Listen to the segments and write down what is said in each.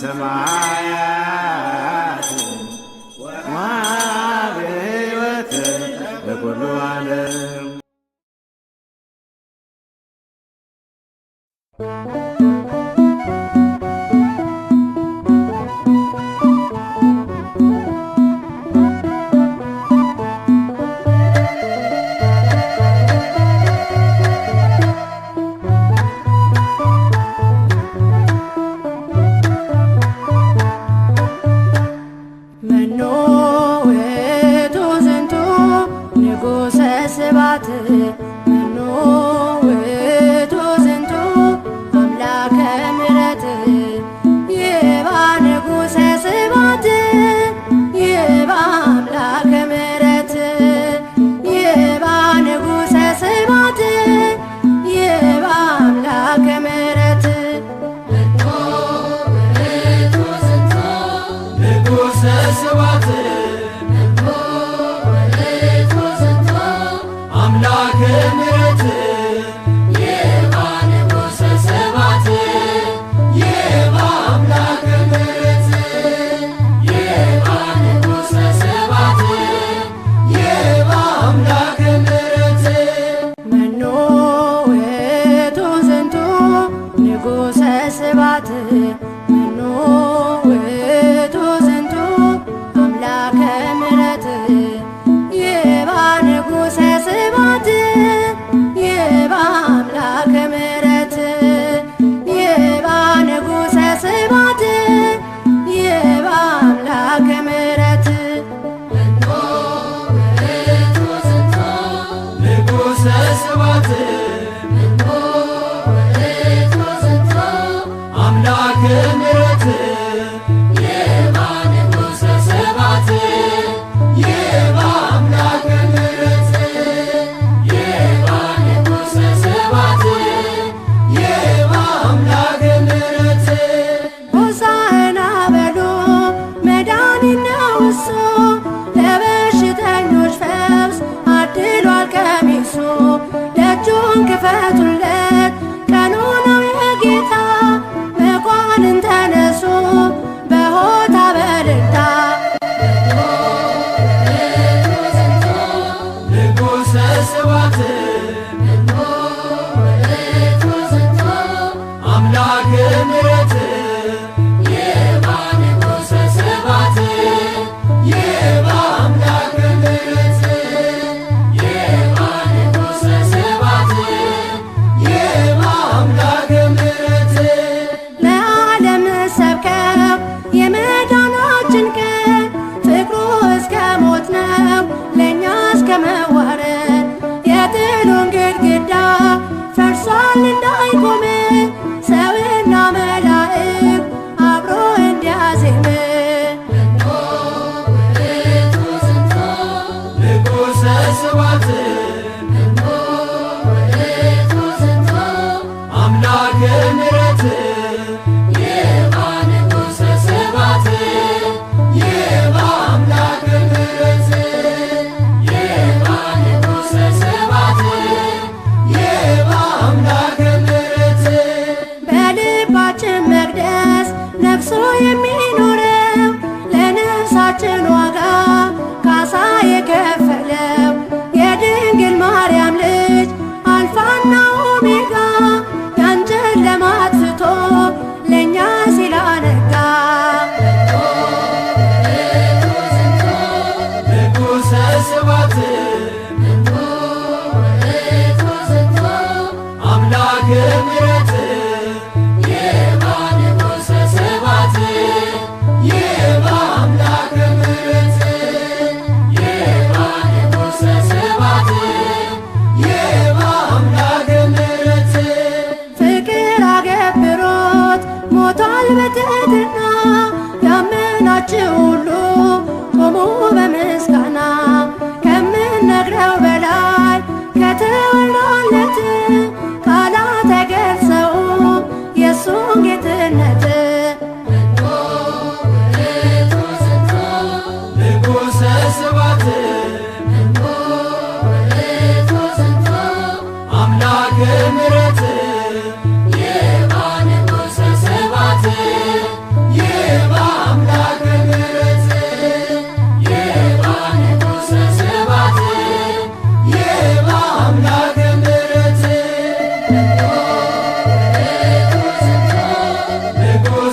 ሰማያት ወሕይወት ለኩሉ እጃችሁን ክፈቱል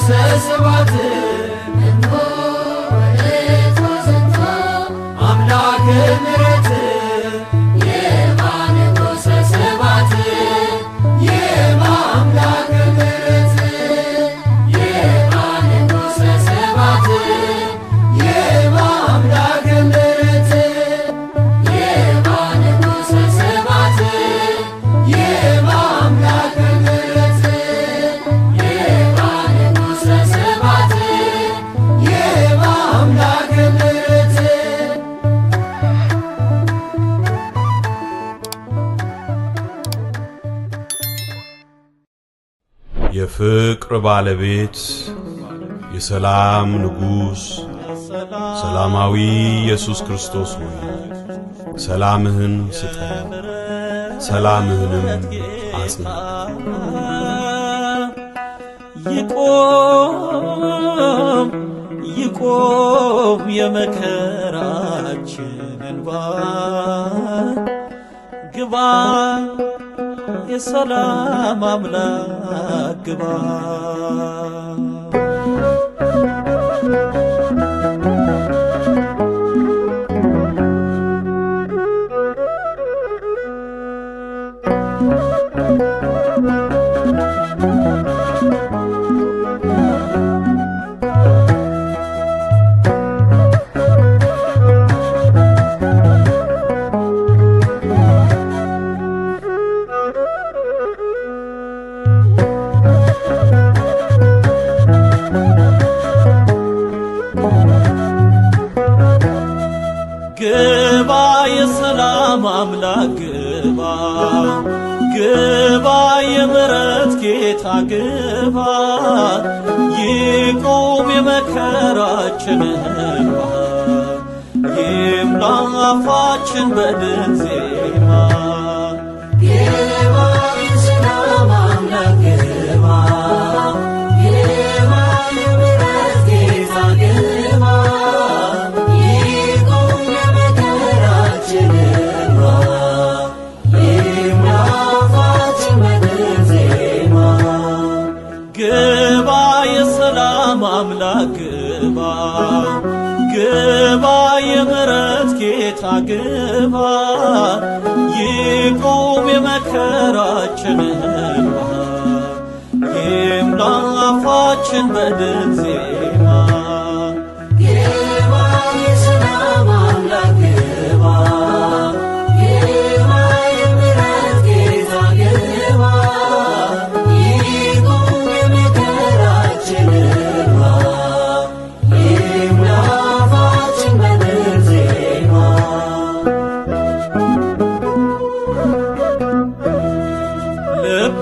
ንጉሰ ባለቤት የሰላም ንጉሥ ሰላማዊ ኢየሱስ ክርስቶስ ሆይ ሰላምህን ስጠን፣ ሰላምህንም አጽና። ይቆም ይቆም የመከራችን እንባ ግባ የሰላም አምላክ ግባ ጌታ የመከራችን እንባ በድንዜ ግባ የምረት ጌታ ግባ ይቁም የመከራችን እንባ ይሙላ አፋችን በድል ዜማ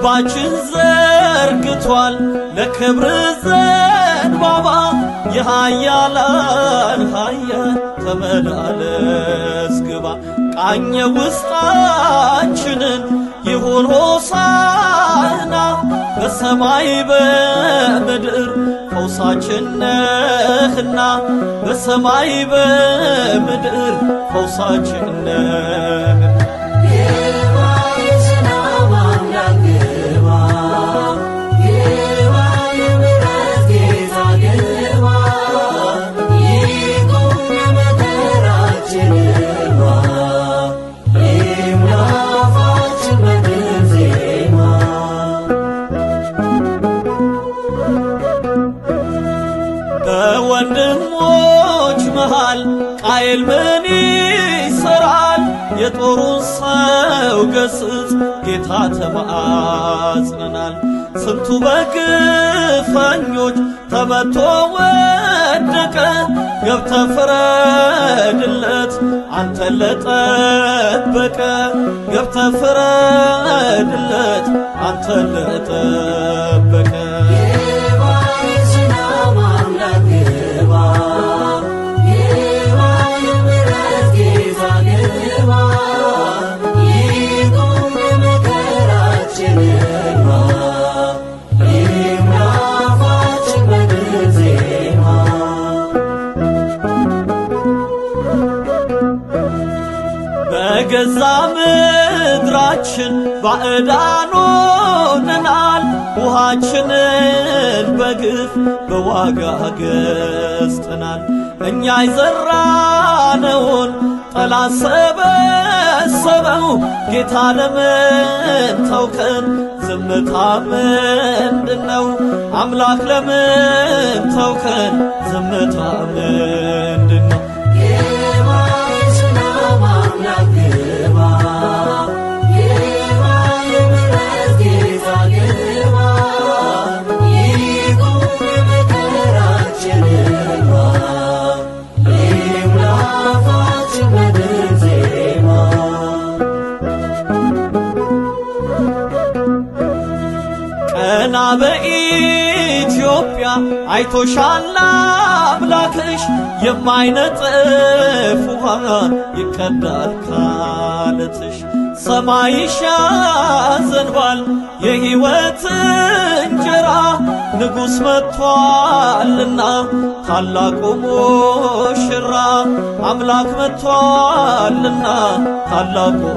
ልባችን ዘርግቷል ለክብር ዘንባባ የሃያላን ሃያል ተመላለስ ግባ ቃኘ ውስጣችንን ይሁን ሆሳና በሰማይ በምድር ፈውሳችን ነህና በሰማይ በምድር ፈውሳችን ነህ ጥሩ ሰው ገስጽ ጌታ ተማጽነናል። ስንቱ በግፈኞች ተመቶ ወደቀ። ገብተ ፍረድለት አንተ ለጠበቀ ገብተ ፍረድለት አንተ ለጠበቀ ራሳችን ባዕዳኖነናል ውሃችንን በግፍ በዋጋ ገዝተናል። እኛ የዘራነውን ጠላት ሰበሰበው። ጌታ ለምን ተውከን? ዝምታ ምንድነው? አምላክ ለምን ተውከን? ዝምታ ምንድነው? ሞልቶሻል አምላክሽ የማይነጥፍ ውሃ ይቀዳል ካለትሽ። ሰማይሽ ያዘንባል የሕይወት እንጀራ ንጉሥ መጥቷልና ታላቁ ሙሽራ አምላክ መጥቷልና ታላቁ